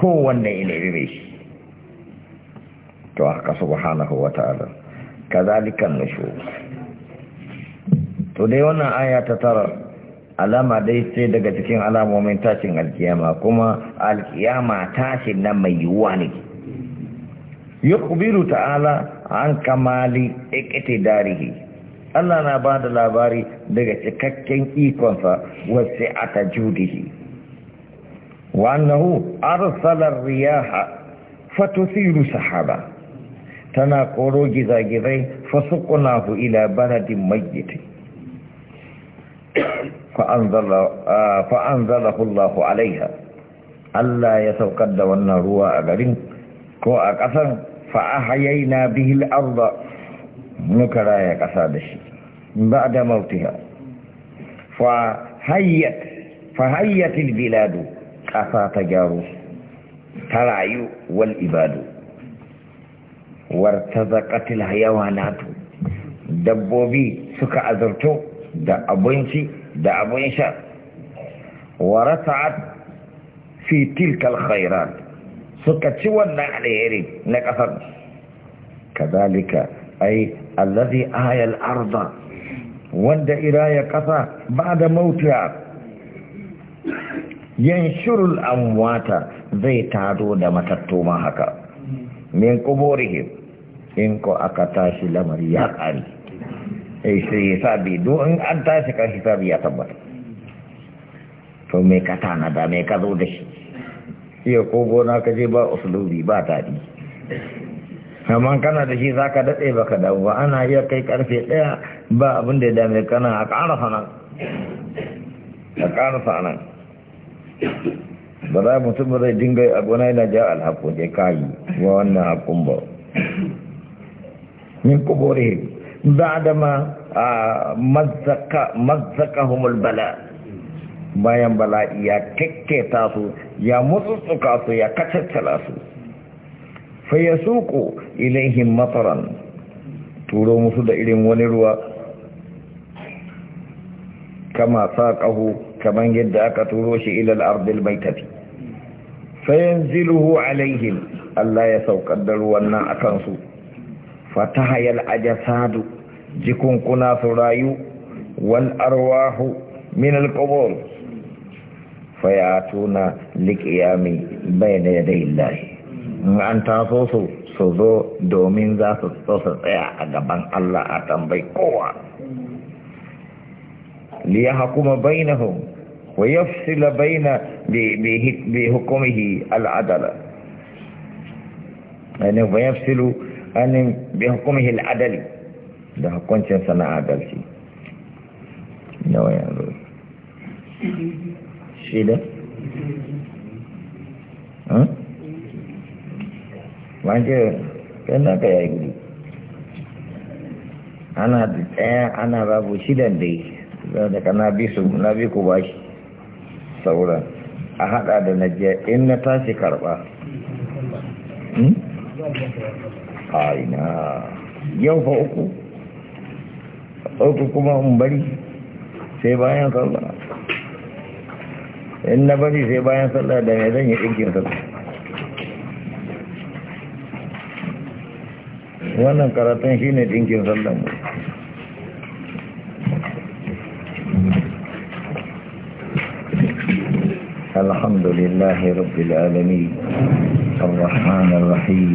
S2: kowanne ya mai shi to haka subhanahu wa ta'ala kazalikan nushu to dai wannan aya ta tara alama dai sai daga cikin alamomin tashin alkiyama kuma alkiyama tashin na mai yiwuwa ne yukubiru ta'ala an kamali darihi, Allah na ba da labari daga cikakken ikonsa wasu a ta judihi wannahu arsalar riyaha fatusiru sahaba tana koro gizagizai fasukunahu ila baladin mayyiti fa'anzalahu ah, Allah alaiha Allah ya saukar da wannan ruwa a garin ko a ƙasan فأحيينا به الأرض نكرايا كسادش بعد موتها فهيت فهيت البلاد قصى تجارو ترعي والإباد وارتزقت الحيوانات دبوبي سكا أزرتو دا أبوينشي دا أبوينشا ورسعت في تلك الخيرات suka ci wannan alheri na ƙasar kazalika ai allazi ayal arda wanda iraya ƙasa ba da mautiya yanshurul amwata zai tado da matattu ma haka min kuburihim in ko aka tashi lamari ya ƙari sai sai hisabi don an tashi kan hisabi ya tabbata to me ka tana da me ka zo da shi iya ko gona ka je ba usulubi ba daɗi amma kana da shi zaka daɗe ba ka dawo ba ana iya kai karfe ɗaya ba abin da ya dame kana a ƙarasa nan a ƙarasa nan ba za mutum zai dinga a gona yana ja alhaƙo je kayi wa wannan haƙun ba min kubore ba da ma mazzaka humul bala bayan bala'i ya kekketa su ya mutsutsuka su ya kacaccala su fa ya suko ilaihim mataran turo musu da irin wani ruwa kama sa ƙahu kaman yadda aka turo shi ilal ardil mai tafi fayan ziluhu alaihim Allah ya saukar da ruwan nan a kansu fatahayal ajasadu jikunkuna su rayu wal arwahu min alkobol. fayatuna liqiyami bayna yaday illahi in an taso su su zo domin za su tsosa tsaya a gaban Allah a tambayi kowa ya hakuma bainahum wa yafsila baina bi hukumihi al'adala yani wa yafsilu anin bi hukumihi al'adali da hukuncin sana adalci nawa yanzu <coughs> shida wajen yana ka yayi gudu ana da tsaya ana babu shidan dai da ka na bi su na bi ku bashi sauran a hada da na najiya in na tashi karba hmm? a ina yau fa uku uku kuma in bari sai bayan karba in na bari sai bayan sallah da mai zan yi ɗinkin sa wannan karatun shi ne ɗinkin sallah alhamdulillahi الحمد لله رب الرحمن الرحيم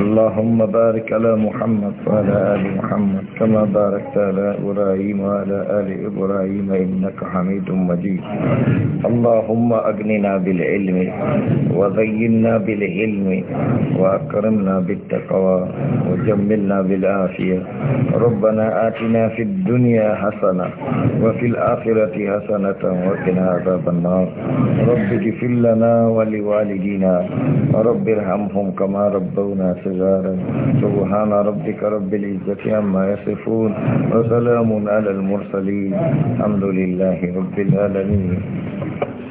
S2: اللهم بارك على محمد وعلى آل محمد كما باركت على إبراهيم وعلى آل إبراهيم إنك حميد مجيد اللهم أجننا بالعلم وزينا بالعلم وأكرمنا بالتقوى وجملنا بالعافية ربنا آتنا في الدنيا حسنة وفي الآخرة حسنة وقنا عذاب النار رب اغفر لنا ولوالدينا رب ارحمهم كما رب تربونا صغارا سبحان ربك رب العزة عما يصفون وسلام على المرسلين الحمد لله رب العالمين